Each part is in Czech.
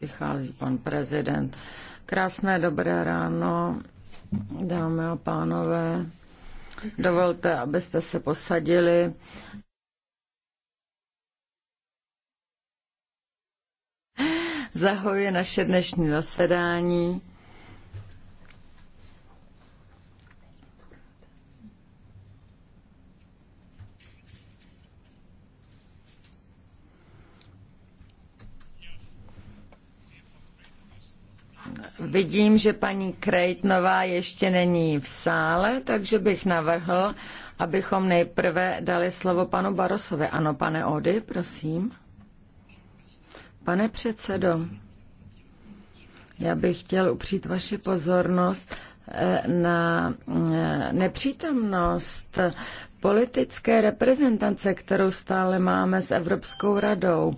Vychází pan prezident. Krásné dobré ráno, dámy a pánové. Dovolte, abyste se posadili. Zahoji naše dnešní zasedání. Vidím, že paní Krejtnová ještě není v sále, takže bych navrhl, abychom nejprve dali slovo panu Barosovi. Ano, pane Ody, prosím. Pane předsedo, já bych chtěl upřít vaši pozornost na eh, nepřítomnost politické reprezentace, kterou stále máme s Evropskou radou.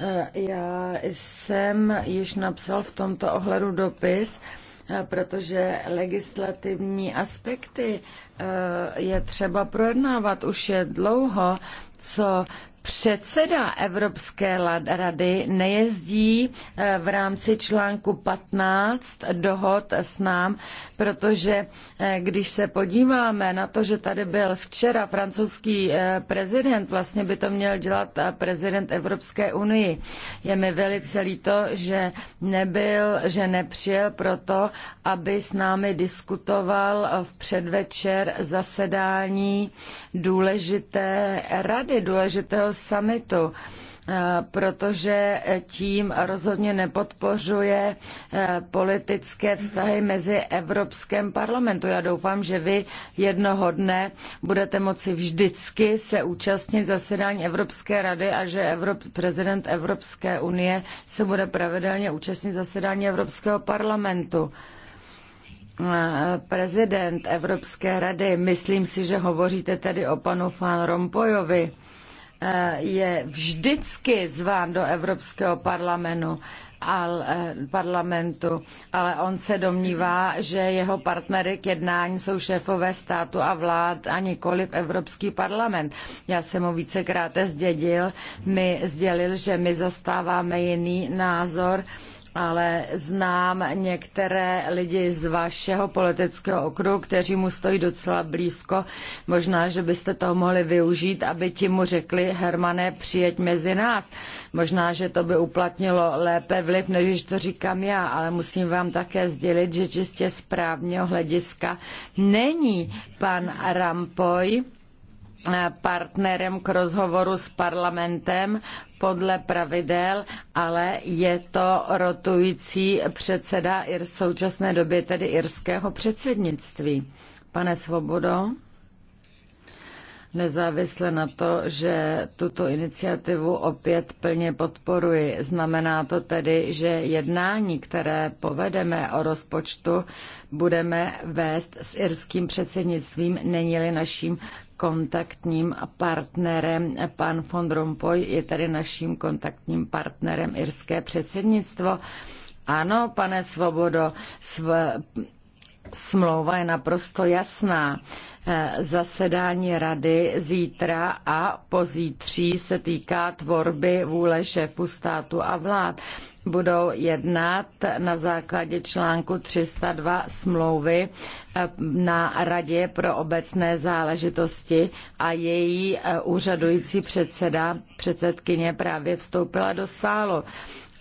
Eh, já jsem již napsal v tomto ohledu dopis, eh, protože legislativní aspekty je třeba projednávat už je dlouho, co Předseda Evropské rady nejezdí eh, v rámci článku 15 dohod s nám, protože eh, když se podíváme na to, že tady byl včera francouzský eh, prezident, vlastně by to měl dělat prezident Evropské unii. Je mi velice líto, že nebyl, že nepřijel proto, aby s námi diskutoval v předvečer zasedání důležité rady, důležitého summitu eh, protože tím rozhodně nepodpořuje eh, politické vztahy mezi Evropském parlamentu. Já doufám, že vy jednoho dne budete moci vždycky se účastnit zasedání Evropské rady a že Evrop, prezident Evropské unie se bude pravidelně účastnit zasedání Evropského parlamentu eh, prezident Evropské rady, myslím si, že hovoříte tedy o panu Van Rompojovi, Eh, je vždycky zván do Evropského parlamentu, al, eh, parlamentu, ale on se domnívá, že jeho partnery k jednání jsou šéfové státu a vlád a nikoli v Evropský parlament. Já jsem mu vícekrát zdědil, mi sdělil, že my zastáváme jiný názor ale znám některé lidi z vašeho politického okruhu, kteří mu stojí docela blízko. Možná, že byste toho mohli využít, aby ti mu řekli, Hermane, přijeď mezi nás. Možná, že to by uplatnilo lépe vliv, než to říkám já, ale musím vám také sdělit, že čistě správního hlediska není pan Rampoj, partnerem k rozhovoru s parlamentem podle pravidel, ale je to rotující předseda v současné době tedy irského předsednictví. Pane Svobodo. Nezávisle na to, že tuto iniciativu opět plně podporuji, znamená to tedy, že jednání, které povedeme o rozpočtu, budeme vést s irským předsednictvím, není-li naším kontaktním partnerem. Pan von Rompuy je tady naším kontaktním partnerem irské předsednictvo. Ano, pane Svobodo, sv... smlouva je naprosto jasná. Eh, zasedání rady zítra a pozítří se týká tvorby vůle šéfů státu a vlád. Budou jednat na základě článku 302 smlouvy eh, na Radě pro obecné záležitosti a její eh, úřadující předseda, předsedkyně právě vstoupila do sálu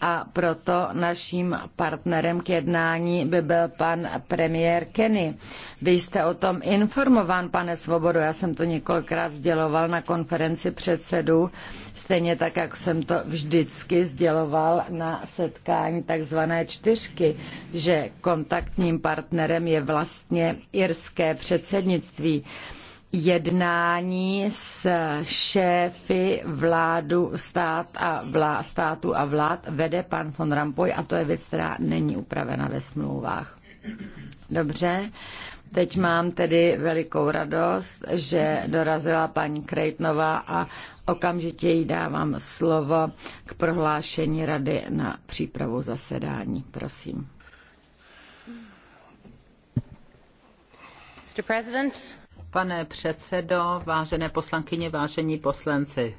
a proto naším partnerem k jednání by byl pan premiér Kenny. Vy jste o tom informován, pane Svobodo, já jsem to několikrát sděloval na konferenci předsedů, stejně tak, jak jsem to vždycky sděloval na setkání takzvané čtyřky, že kontaktním partnerem je vlastně irské předsednictví jednání s šéfy vládu stát a vlá, státu a vlád vede pan von Rampoj a to je věc, která není upravena ve smlouvách. Dobře, teď mám tedy velikou radost, že dorazila paní Krejtnova a okamžitě jí dávám slovo k prohlášení rady na přípravu zasedání. Prosím. Mr. President, Pane předsedo, vážené poslankyně, vážení poslanci.